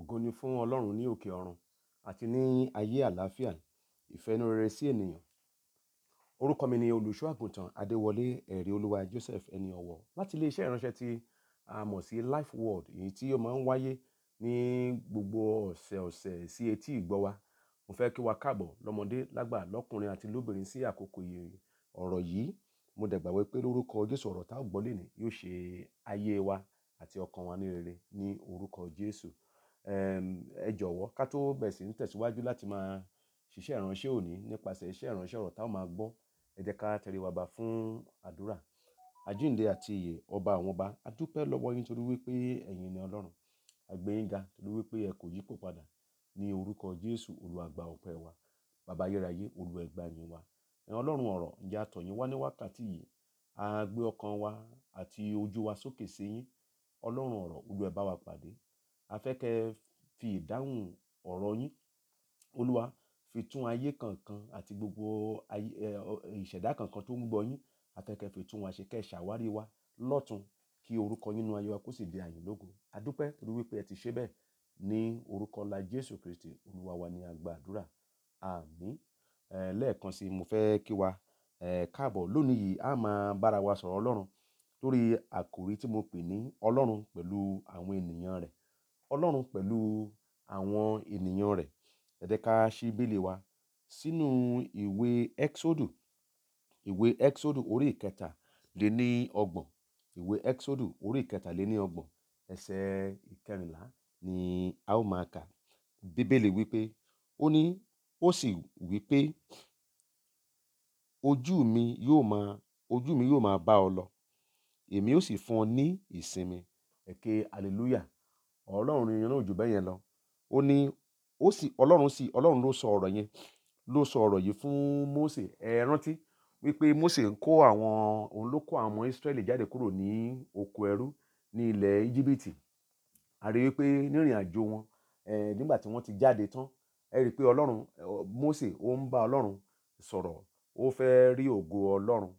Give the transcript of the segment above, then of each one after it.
Ògo ni fún Ọlọ́run ní òkè ọ̀run àti ní ayé àlàáfíà, ìfẹ́nurere sí ènìyàn. Orúkọ mi ni Olùṣọ́àgùntàn Adéwọlé Ẹ̀rí Olúwa Joseph Ẹni Ọ̀wọ̀ láti ilé iṣẹ́ ìránṣẹ́ tí a mọ̀ sí Life World èyí tí ó máa ń wáyé ní gbogbo ọ̀sẹ̀ ọ̀sẹ̀ sí etí ìgbọ́ wa. Mo fẹ́ kí wa káàbọ̀ lọ́mọdé lágbà lọ́kùnrin àti lóbìnrin sí àkókò ọ̀rọ̀ yìí. Mo dẹ̀ gbàgbọ́ pé lórúkọ Jésù ọ̀rọ̀ tá ò gbọ́ lénìí yóò ṣe ayé wa àti ọkàn wa ní rere ní orúkọ Jésù ẹ jọ̀wọ́ ká tó bẹ̀rẹ̀ sí ní tẹ̀síwájú láti máa ṣiṣẹ́ ìránṣẹ́ òní nípasẹ̀ iṣẹ́ ìránṣẹ́ ọ̀rọ̀ tá a máa gbọ́ ẹ jẹ́ ká tẹríba ba fún àdúrà àjíǹde àti ìyè ọba àwọn ọba a lọ́wọ́ yín torí wípé ẹ̀yin ni ọlọ́run a gbé yín ga torí wípé ẹ kò yípo padà ní orúkọ jésù olùwàgbà ọpẹ́ wa bàbá ayérayé olùwẹgbà yín wa ẹ̀yin ọlọ́run ọ̀rọ̀ ìjà yìí wa ọlọ́run ọ̀rọ̀ olùwẹ̀bá A fẹ́ kẹ fi ìdáhùn ọ̀rọ̀ yín. Olúwa, fi tún ayé kọ̀ọ̀kan àti gbogbo ayé, ìṣẹ̀dá kọ̀ọ̀kan tó ń gbọ́ yín. A fi tún wa ṣe kẹ́ ṣàwárí wa lọ́tun kí orúkọ yín nínú ayé wa kó sì di àyìn lógo. A dúpẹ́ wípé ẹ ti ṣe bẹ́ẹ̀ ní orúkọ ńlá Jésù Kristi Olúwa wa ni a gba àdúrà. Àmín. Ẹ̀ lẹ́ẹ̀kan si mo fẹ́ kí wa, ẹ̀ káàbọ̀. Lónìí yìí a máa bá ara wa sọ̀rọ̀ Ọlọ́run lórí àkòrí tí mo pè ní Ọlọ́run pẹ̀lú àwọn ènìyàn rẹ̀. Ọlọ́run pẹ̀lú àwọn ènìyàn rẹ̀. Ẹ jẹ́ ká ṣí Bíbélì wa sínú ìwé Exodus, ìwé Exodus orí ìkẹtà lé ní ọgbọ̀n, ìwé Exodus orí ìkẹtà lé ní ọgbọ̀n, ẹsẹ̀ ìkẹrìnlá ni a ó máa kà. Bíbélì wípé, ó ní, ó sì wípé, ojú mi yóò máa, ojú mi yóò máa bá ọ lọ, èmi ó sì fún ọ ní ìsinmi. Ẹ̀kẹ́, hallelujah ọlọ́run yẹn náà jù bẹ́ẹ̀ yẹn lọ ó ní ó sì ọlọ́run sì ọlọ́run ló sọ ọ̀rọ̀ yẹn ló sọ ọ̀rọ̀ yìí fún Mósè ẹ rántí wípé Mósè ń kó àwọn òun ló kó àwọn ọmọ Ísírẹ́lì jáde kúrò ní oko ẹrú ní ilẹ̀ Íjíbítì a rí wípé nírìn àjò wọn nígbà tí wọ́n ti jáde tán ẹ rí i pé ọlọ́run Mósè ó ń bá ọlọ́run sọ̀rọ̀ ó fẹ́ rí ògo ọlọ́run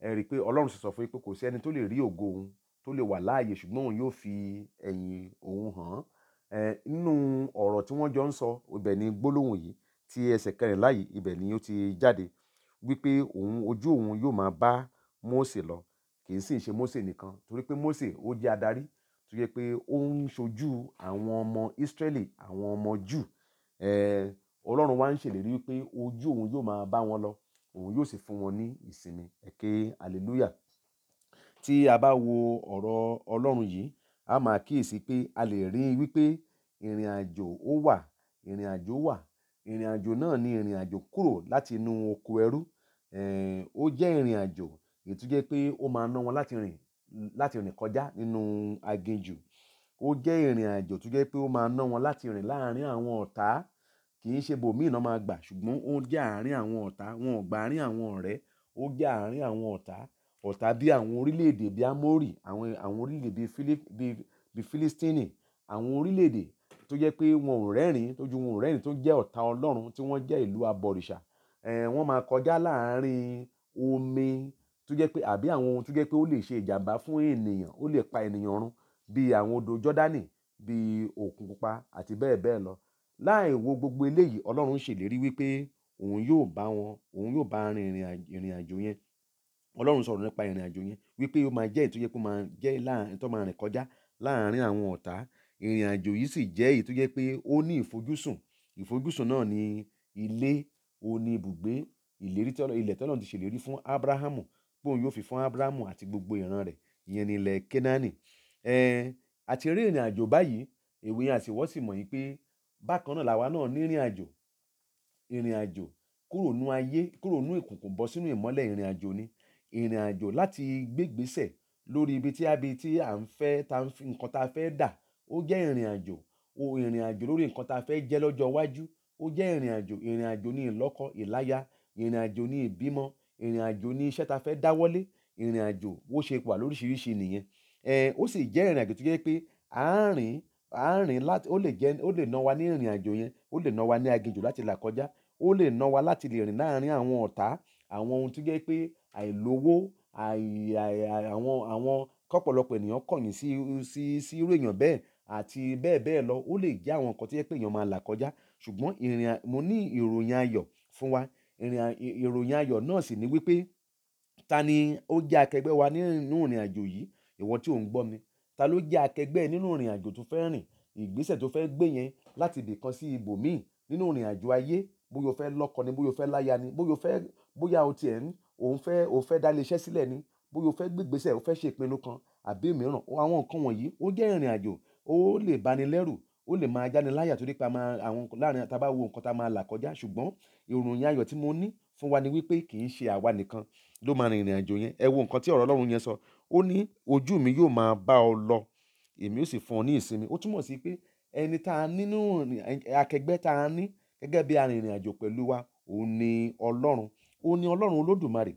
ẹ rí i pé ọlọ́run sì sọ fún yín pé kò sí ẹni tó lè rí ògo òun tó lè wà láàyè ṣùgbọ́n òun yóò fi ẹ̀yìn òun hàn án nínú ọ̀rọ̀ tí wọ́n jọ ń sọ ibẹ̀ ni gbólóhùn yìí ti ẹsẹ̀ kẹrìnlá yìí ibẹ̀ ni ó ti jáde wípé òun ojú òun yóò máa bá Mósè lọ kì í sì ṣe Mósè nìkan torí pé Mósè ó jẹ́ adarí tó yẹ pé ó ń ṣojú àwọn ọmọ Ísírẹ́lì àwọn ọmọ jù Ọlọ́run wa ń ṣèlérí wípé ojú òun yóò máa bá wọn lọ òun yóò sì fún wọn ní ìsinmi ẹ̀kẹ́ hallelujah tí a bá wo ọ̀rọ̀ Ọlọ́run yìí a máa kíyèsí pé a lè rí i wípé ìrìn àjò ó wà ìrìn àjò wà ìrìn àjò náà ni ìrìn àjò kúrò láti inú oko ẹrú um ó jẹ́ ìrìn àjò èyí tó jẹ́ pé ó máa ná wọn láti rìn láti rìn kọjá nínú aginjù ó jẹ́ ìrìn àjò tó jẹ́ pé ó máa ná wọn láti rìn láàárín àwọn ọ̀tá kì í ṣe bòmíì náà máa gbà ṣùgbọ́n ó jẹ́ àárín àwọn ọ̀tá wọn ò gba àárín àwọn ọ̀rẹ́ ó jẹ́ àárín àwọn ọ̀tá ọ̀tá bí àwọn orílẹ̀-èdè bí Amórì, àwọn, àwọn orílẹ̀-èdè bí Filistini, àwọn orílẹ̀-èdè tó jẹ́ pé wọn ò rẹ́rìn-ín, tójú wọn ò rẹ́rìn-ín tó jẹ́ ọ̀tá Ọlọ́run tí wọ́n jẹ́ ìlú abọ̀rìṣà. Ehn, wọ́n máa kọjá láàárín omi tó jẹ́ pé àbí àwọn ohun tó jẹ́ pé ó lè ṣe ìjàmbá fún ènìyàn, ó lè pa ènìyàn run bí àwọn odò Jọ́dánì, bí Òkun Pupa àti bẹ́ẹ̀ bẹ́ẹ̀ lọ. Láì wo gbogbo eléyìí, Ọlọ́run ṣèlérí wípé òun yóò bá wọn, òun yóò bá rin ìrìnàjò yẹn. Ọlọ́run sọ̀rọ̀ nípa ìrìn àjò yẹn wípé ó máa jẹ́ èyí tó yẹ kó máa jẹ́ láàrín tó máa rìn kọjá láàrín àwọn ọ̀tá. Ìrìn àjò yìí sì jẹ́ èyí tó jẹ́ pé ó ní ìfojúsùn. Ìfojúsùn náà ni ilé, òun ibùgbé, ìlérí tí ilẹ̀ tí ti ṣèlérí fún Abrahamu pé òun yóò fi fún Abrahamu àti gbogbo ìran rẹ̀. Iyẹn ni ilẹ̀ Kanaani. Ẹ̀, a ti rí ìrìn àjò báyìí. Èwe àti ìwọ sì mọ̀ wípé bákan náà làwa náà ní ìrìn àjò. Ìrìn àjò kúrò nínú ayé, kúrò nínú ìkùnkùn bọ́ sínú ìmọ́lẹ̀ ìrìn àjò ni ìrìn àjò láti gbégbèsè lórí ibi tí àbí tí à ń fẹ́ ta nǹkan ta fẹ́ dà ó jẹ́ ìrìn àjò o ìrìn àjò lórí nǹkan ta fẹ́ jẹ́ lọ́jọ́ iwájú ó jẹ́ ìrìn àjò ìrìn àjò ní ìlọ́kọ ìláya ìrìn àjò ní ìbímọ ìrìn àjò ní iṣẹ́ ta fẹ́ dáwọ́lé ìrìn àjò bó ṣe wà lóríṣiríṣi nìyẹn ẹ ó sì jẹ́ ìrìn àjò tó jẹ́ pé àárín àárín láti ó lè jẹ́ ó lè ná wa ní ìrìn àjò yẹn ó lè ná wa ní aginjù láti là kọjá ó lè ná wa láti lè rìn láàárín àwọn ọ̀tá àwọn ohun tó jẹ́ pé àìlówó àwọn àwọn kọ́pọ̀lọpọ̀ ènìyàn kọ̀yìn sí sí sí irú èèyàn bẹ́ẹ̀ àti bẹ́ẹ̀ bẹ́ẹ̀ lọ ó lè jẹ́ àwọn nǹkan tó jẹ́ pé èèyàn máa là kọjá ṣùgbọ́n ìrìn mo ní ìròyìn ayọ̀ fún wa ìrìn ìròyìn ayọ̀ náà sì ni wípé ta ni ó jẹ́ akẹgbẹ́ wa nínú ìrìn àjò yìí ìwọ tí ò ń gbọ́ mi ta ló jẹ́ akẹgbẹ́ ẹ nínú ìrìn àjò tó fẹ́ rìn ìgbésẹ̀ tó fẹ́ gbé yẹn láti ibìkan sí ibòmíì nínú ìrìn àjò ayé bóyá o fẹ́ lọ́kọ ni bóyá o fẹ́ láya ni bóyá o fẹ́ bóyá o tiẹ̀ ń òun fẹ́ o fẹ́ dá iléeṣẹ́ sílẹ̀ ni bóyá o fẹ́ gbégbèsè o fẹ́ ṣe ìpinnu kan àbí mìíràn àwọn nǹkan wọ̀nyí ó jẹ́ ìrìn àjò ó lè bani lẹ́rù ó lè máa jáni láyà torí pé àwọn láàrin tá a bá wo nǹkan tá a máa là kọjá ṣùgbọ́n ìròyìn ayọ̀ tí mo ní fún wa ni wípé kì í ṣe àwa nìkan ló máa rin ìrìn àjò yẹn ẹ wo nǹkan tí ọ̀rọ̀ Ọlọ́run yẹn sọ ó ní ojú mi yóò máa bá ọ lọ èmi ó sì fún ọ ní ìsinmi ó túmọ̀ sí pé ẹni tá a nínú akẹgbẹ́ tá a ní gẹ́gẹ́ bí arìnrìn àjò pẹ̀lú wa òun ni Ọlọ́run òun ni ọlọ́run olódùmarè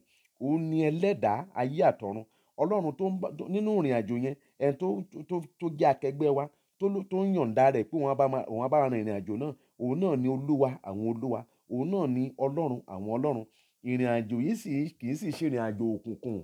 òun ni ẹlẹ́dàá ayé àtọ̀run ọlọ́run tó ń bá nínú ìrìn àjò yẹn ẹni tó tó akẹgbẹ́ wa tó tó ń yọ̀ǹda rẹ̀ pé òun á bá òun á bá rin ìrìn àjò náà òun náà ni olúwa àwọn olúwa òun náà ni ọlọ́run àwọn ọlọ́run ìrìn àjò yìí sì kì í sì ṣe ìrìn àjò òkùnkùn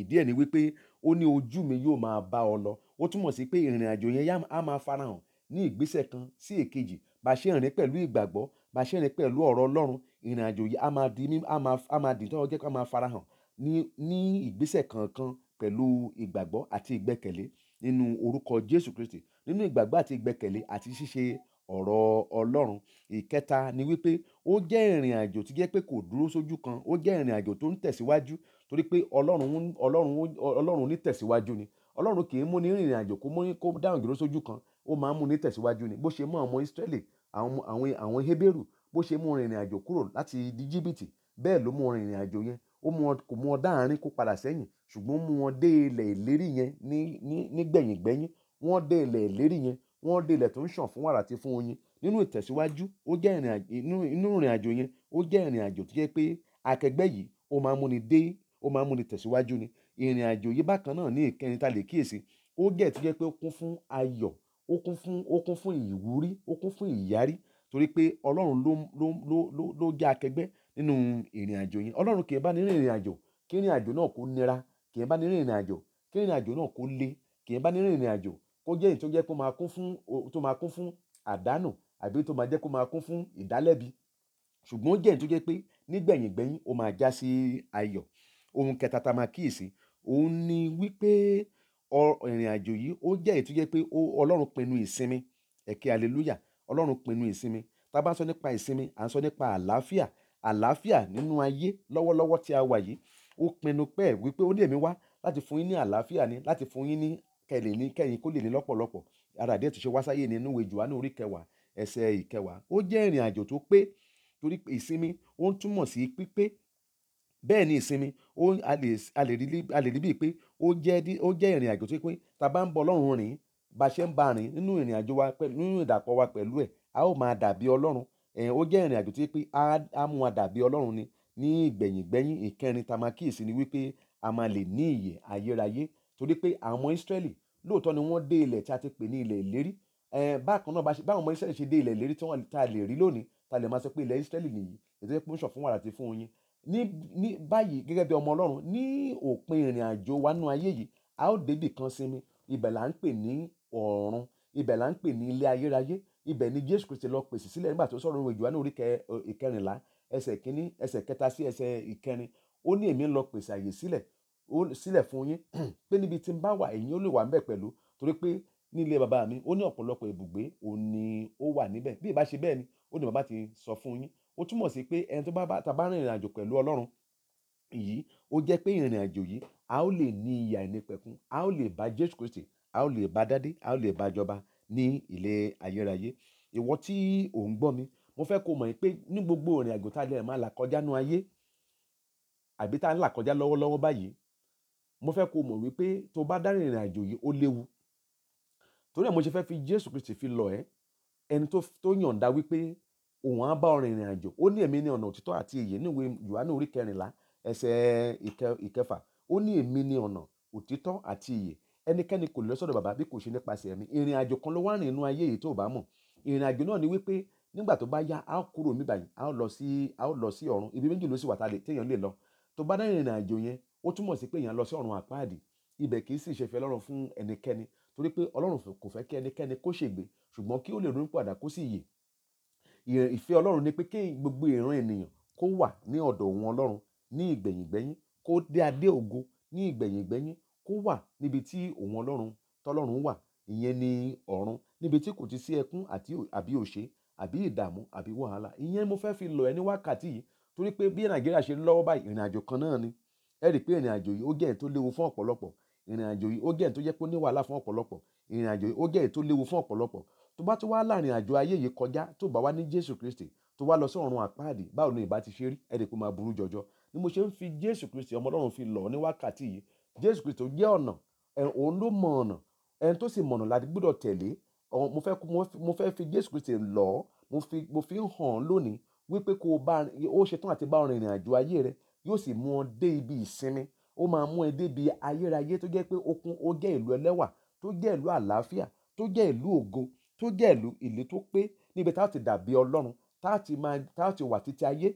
ìdí ẹ̀ ni wípé ó ní ojú mi yóò máa bá ọ lọ ó túmọ̀ sí pé ìrìn àjò yẹn á máa farahàn ní ìgbésẹ̀ kan sí èkejì bá ṣe ń pẹ̀lú ìgbàgbọ́ bá a ṣe rìn pẹ̀lú ọ̀rọ̀ ọlọ́run ìrìn àjò yìí a máa di a máa a máa dì tọ́wọ́ jẹ́ pé a máa farahàn ní ní ìgbésẹ̀ kankan pẹ̀lú ìgbàgbọ́ àti ìgbẹ́kẹ̀lé nínú orúkọ Jésù Kristi nínú ìgbàgbọ́ àti ìgbẹ́kẹ̀lé àti ṣíṣe ọ̀rọ̀ ọlọ́run ìkẹta ni wípé ó jẹ́ ìrìn àjò tí jẹ́ pé kò dúró sójú kan ó jẹ́ ìrìn àjò tó ń tẹ̀síwájú torí pé ọlọ́run ní tẹ̀síwájú ni ọlọ́run kì í mú ní ìrìn àjò kó mú kó dáhùn dúró sójú kan ó máa ń mú ní tẹ̀síwájú ni bó ṣe mú àwọn ọmọ Ísírẹ́lì àwọn àwọn àwọn Hébérù bó ṣe mú rìnrìn àjò kúrò láti Íjíbítì bẹ́ẹ̀ ló mú rìnrìn àjò yẹn ó mú wọn kò mú wọn dáàrin kó padà sẹ́yìn ṣùgbọ́n ó mú wọn dé ilẹ̀ ìlérí yẹn ní ní nígbẹ̀yìngbẹ́yìn wọ́n dé ilẹ̀ ìlérí yẹn wọ́n dé ilẹ̀ tó ń ṣàn fún wàrà àti fún oyin nínú ìtẹ̀síwájú ó jẹ́ ìrìn àjò nínú ìrìn àjò yẹn ó jẹ́ ìrìn àjò tó jẹ́ pé akẹgbẹ́ yìí ó máa múni dé ó máa múni tẹ̀síwájú ni ìrìn àjò yìí bákan náà ní ìkẹyìn ta lè kíyèsí ó jẹ́ tó pé ó kún fún ayọ̀ ó kún fún ó kún fún ìwúrí ó kún fún ìyárí torí pé ọlọ́run ló ló ló ló ló jẹ́ akẹgbẹ́ nínú ìrìn àjò yẹn ọlọ́run kì í bá ní rìn ìrìn àjò kí ìrìn àjò náà kó nira kì í bá ní rìn ìrìn àjò kí ìrìn àjò náà kó le kì í bá ní rìn ìrìn àjò kó jẹ́ èyí tó jẹ́ kó máa kún fún tó máa kún fún àdánù àbí tó máa jẹ́ kó máa kún fún ìdálẹ́bi ṣùgbọ́n jẹ́ èyí tó jẹ́ pé nígbẹ̀yìngbẹ́yìn ó máa já sí ayọ̀ ohun kẹta tá máa kíyèsí òun ni wípé ìrìnàjò yìí ó jẹ́ èyí tó jẹ́ pé Ọlọ́run pinnu ìsinmi ẹ̀kẹ́ hallelujah Ọlọ́run pinnu ìsinmi tá a bá sọ nípa ìsinmi à ń sọ nípa àlàáfíà àlàáfíà nínú ayé lọ́wọ́lọ́wọ́ tí a wà yìí ó pinnu pẹ́ wípé ó ní èmi wá láti fún yín ní àlàáfíà ni láti fún yín ní kẹlẹ ní kẹyìn kó lè ní lọ́pọ̀lọpọ̀ ara àdé ti ṣe wá sáyé nínú ìwé Jòhánù orí kẹwàá ẹsẹ̀ ìkẹwàá ó jẹ́ ìrìn àjò tó pé torí ìsinmi ó ń túmọ̀ sí pípé Bẹ́ẹ̀ ni ìsinmi, ó a lè, a lè rí, a lè rí bíi pé ó jẹ́ dí, ó jẹ́ ìrìnàjò tí pé tí a bá ń bá Ọlọ́run rìn, bá ṣe ń bá rìn nínú ìrìnàjò wa nínú ìdàpọ̀ wa pẹ̀lú ẹ̀, a ó máa dàbí Ọlọ́run. ó jẹ́ ìrìnàjò tí pé a, a mú wa dàbí Ọlọ́run ni. Ní ìgbẹ̀yìn ìkẹrin ta máa kíyèsi ni wípé a máa lè ní ìyè ayérayé torí pé àwọn ọmọ lóòótọ́ ni wọ́n dé ilẹ̀ tí a ti pè ní ilẹ̀ ìlérí. Ẹ̀ bákan náà bá ṣe, báwọn ọmọ Israẹli ṣe dé ilẹ̀ ìlérí tí wọ́n, tí a lè rí lónìí, tí a lè máa sọ pé ilẹ̀ Israẹli nìyí, èyí tó fún wàrà àti fún oyin ní ní báyìí gẹ́gẹ́ bí ọmọ ọlọ́run ní òpin ìrìn àjò wa nínú ayé yìí a ó débì kan sinmi ibẹ̀ là ń pè ní ọ̀run ibẹ̀ là ń pè ní ilé ayérayé ibẹ̀ ni jésù kristi lọ pèsè sílẹ̀ nígbà tó sọ̀rọ̀ ìwé Jòhánù orí ìkẹrìnlá ẹsẹ̀ kínní ẹsẹ̀ kẹta sí ẹsẹ̀ ìkẹrin ó ní èmi ń lọ pèsè àyè sílẹ̀ ó sílẹ̀ fún yín pé níbi tí n bá wà ẹ̀yin ó lè wà ń bẹ̀ pẹ̀lú torí pé ní ilé bàbá mi ó ní ọ̀pọ̀lọpọ̀ ibùgbé òun ni ó wà níbẹ̀ bí ìbá ṣe bẹ́ẹ̀ ni ó ní bàbá ti sọ fún yín ó túmọ̀ sí pé ẹni tó bá bá tàbá rìn ìrìnàjò pẹ̀lú ọlọ́run yìí ó jẹ́ pé ìrìnàjò yìí a ó lè ní ìyà ìnípẹ̀kun a ó lè bá Jésù Kristi a ó lè bá dádé a ó lè bá jọba ní ilé ayérayé ìwọ tí ò ń gbọ́ mi mo fẹ́ kó mọ̀ pé ní gbogbo ìrìnàjò tá a lè máa là kọjá nú ayé àbí tá a ń là kọjá lọ́wọ́lọ́wọ́ báyìí mo fẹ́ kó mọ̀ wípé tó bá dá rìnrìn àjò yìí ó léwu torí ẹ̀ mo ṣe fẹ́ fi Jésù Kristi fi lọ ẹ́ ẹni tó yọ̀ǹda wípé òun á bá ọ rìnrìn àjò ó ní èmi ní ọ̀nà òtítọ́ àti ìyè ní ìwé yohane orí kẹrìnlá ẹsẹ̀ ìkẹfà ó ní èmi ní ọ̀nà òtítọ́ àti ìyè ẹnikẹ́ni kò lọ sọ́dọ̀ bàbá bí kò ṣe nípasẹ̀ mi ìrìn àjò kan ló wá rìn inú ayé yìí tó bá mọ̀ ìrìn àjò náà ni wípé nígbà tó bá yá a ó kúrò mí báyìí a ó lọ sí ọ̀run ibi méjì ló sì wà tá téèyàn lè lọ ìfẹ́ ọlọ́run ni pé kí gbogbo ìran ènìyàn kó wà ní ọ̀dọ̀ òun ọlọ́run ní ìgbẹ̀yìngbẹ́yín kó dé adé ògo ní ìgbẹ̀yìngbẹ́yín kó wà níbi tí òun ọlọ́run tọ́lọ́run wà ìyẹn ni ọ̀run níbi tí kò ti sí ẹkún àbí òṣè àbí ìdààmú àbí wàhálà ìyẹn mo fẹ́ fi lọ ẹ ní wákàtí yìí torí pé bí nàìjíríà ṣe lọ́wọ́ báyìí ìrìn àjò kan náà ni ẹ rí i pé ìrìn àjò yìí ó jẹ́ èyí tó léwu fún ọ̀pọ̀lọpọ̀ ìrìn àjò yìí ó jẹ́ èyí tó jẹ́ pé ó ní wàhálà fún ọ̀pọ̀lọpọ̀ ìrìn àjò yìí ó jẹ́ èyí tó léwu fún ọ̀pọ̀lọpọ̀ tó bá tún wá láàrin àjò ayé yìí kọjá tó bá wá ní jésù kristi tó wá lọ sí ọ̀run àpáàdì báwo ni ìbá ti ṣe rí ẹ̀rì kó máa burú jọjọ ni mo ṣe ń fi jésù kristi ọmọ ọlọ́run fi lọ̀ ní wákàtí yìí jésù kristi jẹ́ ọ̀nà òun ló mọ ọ̀nà ẹni tó sì mọ̀nà láti gbọ́dọ̀ tẹ̀lé mo fẹ́ fi jésù kristi lọ̀ mo fi ń hàn lónìí wípé kó o bá ó ṣetán àti bá ọ̀rìn ìrìn àjò ayé rẹ yóò sì mú ọ dé ibi ìsinmi ó máa mú ẹ débi ayérayé tó jẹ́ pé okun ó jẹ́ ìlú ẹlẹ́wà tó jẹ́ ìlú àlàáfíà tó jẹ́ ìlú ògo tó jẹ́ ìlú ìlú tó pé níbi tá a ti dàbí ọlọ́run tá a ti máa tá a ti wà títí ayé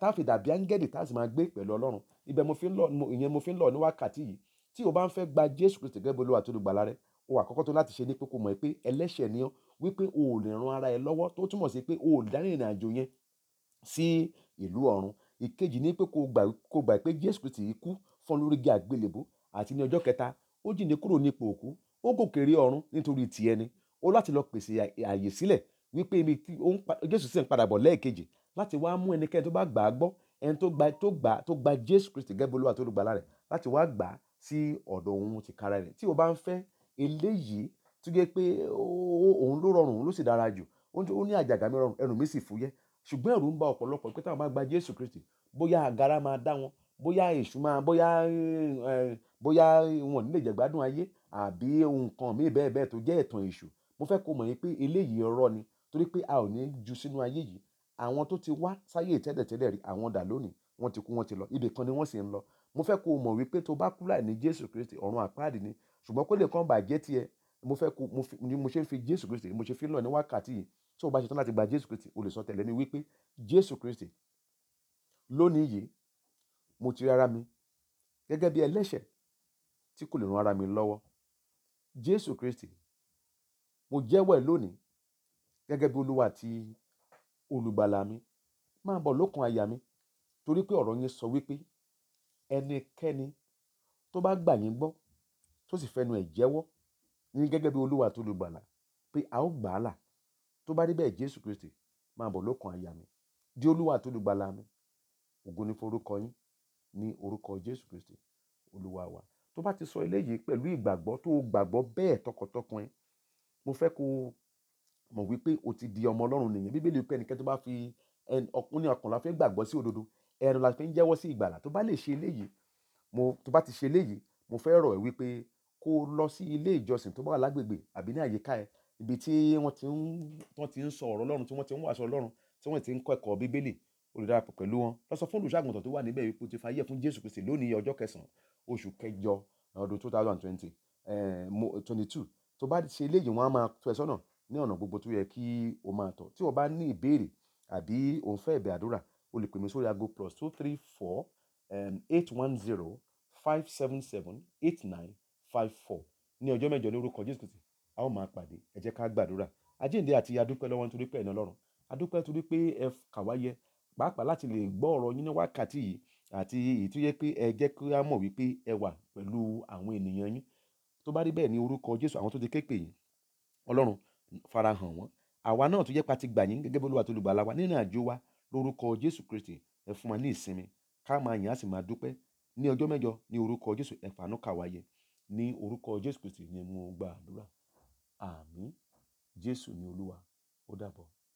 tá a fi dàbí áńgẹ́lì tá a sì máa gbé pẹ̀lú ọlọ́run ibẹ̀ mo fi ń lọ ìyẹn mo fi ń lọ ní wákàtí yìí tí o bá ń fẹ́ gba jésù kristi gẹ́gẹ́ bí olúwa tó lùgbàlà rẹ o àkọ́kọ́ tó láti ṣe ni pé kó mọ̀ pé ẹlẹ́ṣẹ̀ ni ọ́ wípé o ò lè ran ara ẹ lọ́wọ́ tó túmọ̀ sí pé o ò dárìn ìrìn àjò yẹn sí ìlú ọ̀run ìkejì ni pé kó gbà pé jésù kristi yìí kú fún lórígi àgbélébó àti ní ọjọ́ kẹta ó jíǹde kúrò nípò òkú ó gòkè ọ̀run nítorí tìẹ ni ó láti lọ pèsè àyè sílẹ̀ wípé ibi tí jésù sì ń padà bọ̀ lẹ́ẹ̀kejì láti wá mú ẹnikẹ́ni tó bá gbà á gbọ́ ẹni tó gbà tó gbà tó gbà jésù kristi gẹ́gẹ́ bí olúwa tó lùgbàlà rẹ̀ láti wá gbà á sí ọ̀dọ̀ òun ti kára rẹ̀ tí o bá ń fẹ́ eléyìí tó jẹ́ pé òun ló rọrùn òun ló sì dára jù ó ní àjàgà mi rọrùn ẹrù mi sì fúyẹ́ ṣùgbọ́n ẹ̀rù ń ba ọ̀pọ̀lọpọ̀ pé táwọn bá gba jésù kristi bóyá agara máa dá wọn bóyá èṣù máa bóyá bóyá wọn nílé ìjẹ̀gbádùn ayé àbí nǹkan míì bẹ́ẹ̀ bẹ́ẹ̀ tó jẹ́ ẹ̀tàn èṣù mo fẹ́ kó mọ̀ yín pé eléyìí irọ́ ni torí pé a ò ní ju sínú ayé yìí àwọn tó ti wá sáyé tẹ́lẹ̀tẹ́lẹ̀ rí àwọn dà lónìí wọ́n ti kú wọ́n ti lọ ibì kan ni wọ́n sì ń lọ mo fẹ́ kó mọ̀ wípé tó bá kú láì ní Jésù Kristi ọ̀run àpáàdì ni ṣùgbọ́n kó lè kàn bà jẹ́ tiẹ̀ mo fẹ́ kó mo ṣe ń fi Jésù Kristi mo ṣe fi ń lọ ní wákàtí yìí tí o bá ṣetán láti gba Jésù Kristi o lè sọ tẹ̀lé mi wípé Jésù Kristi lónìí yìí mo ti rí ara mi gẹ́gẹ́ bí ẹlẹ́ṣẹ̀ tí kò lè ran ara mi lọ́wọ́ Jésù Kristi mo jẹ́wọ́ ẹ̀ lónìí gẹ́gẹ́ bí olúwa àti olùgbàlà mi máa bọ̀ lókun àyà mi torí pé ọ̀rọ̀ yẹn sọ wípé ẹnikẹ́ni tó bá gbà yín gbọ́ tó sì fẹnu ẹ̀ jẹ́wọ́ yín gẹ́gẹ́ bí olúwa àti olùgbàlà pé a ó gbà á là tó bá rí jésù kristi máa bọ̀ lókun àyà mi di olúwa àti olùgbàlà mi ògo ni forúkọ yín ní orúkọ jésù kristi olúwa wa tó bá ti sọ eléyìí pẹ̀lú ìgbàgbọ́ tó o gbàgbọ́ bẹ́ẹ̀ tọkàntọkàn mo fẹ́ kó mọ̀ wípé o ti di ọmọ ọlọ́run nìyẹn bíbélì pé ẹnikẹ́ni tó bá fi ọkùnrin ọkàn la fi ń gbàgbọ́ sí òdodo ẹnu la fi ń jẹ́wọ́ sí ìgbàlà tó bá lè ṣe eléyìí mo tó bá ti ṣe eléyìí mo fẹ́ rọ̀ ẹ́ wípé kó o lọ sí ilé ìjọsìn tó bá wà lágbègbè àbí ní àyíká ẹ ibi tí wọ́n ti ń wọ́n ti ń sọ ọ̀rọ̀ ọlọ́run tí wọ́n ti ń wàásù ọlọ́run tí wọ́n ti ń kọ́ ẹ̀kọ́ bíbélì olùdarapọ̀ pẹ̀lú wọn lọ sọ fún olùṣàgùntàn tó wà níbẹ̀ wípé o ti fàyè fún jésù kristi lónìí ọjọ́ kẹsàn-án oṣù kẹjọ ọdún two thousand twenty twenty two Tó bá ṣe eléyìí wọ́n á máa tọ́ ẹ sọ́nà ní ọ̀nà gbogbo tó yẹ kí o máa tọ̀. Tí o bá ní ìbéèrè àbí o ń fẹ́ ẹ̀bẹ̀ àdúrà, o lè pè mí sórí ago plus two three four, um, eight one zero five seven seven eight nine five four. Ní ọjọ́ mẹ́jọ lórúkọ Jésù Kristi, a ó máa pàdé. Ẹ jẹ́ ká gbàdúrà. Àjíǹde àti ìyè adúpẹ́ lọ́wọ́ nítorí pé ẹ̀yin Ọlọ́run. A dúpẹ́ torí pé ẹ kà wá yẹ, pàápàá láti lè gbọ́ ọ̀rọ̀ yín ní wákàtí yìí àti èyí pé ẹ jẹ́ kí a mọ̀ wípé ẹ wà pẹ̀lú àwọn ènìyàn yín. Tó bá rí bẹ́ẹ̀ ní orúkọ Jésù àwọn tó ti ké pè yìí, Ọlọ́run farahàn wọ́n. Àwa náà tó jẹ́ pé a ti gbà gẹ́gẹ́ bí Olúwa àti Olùgbàlà wa nínú àjò wa lórúkọ Jésù Kristi ẹ fún wa ní ìsinmi ká máa yìn á sì máa dúpẹ́ ní ọjọ́ mẹ́jọ ní orúkọ Jésù ẹ fàánú kà wá ní orúkọ Jésù Kristi ni mo gba àdúrà. Jésù ni Olúwa ó dàbọ̀.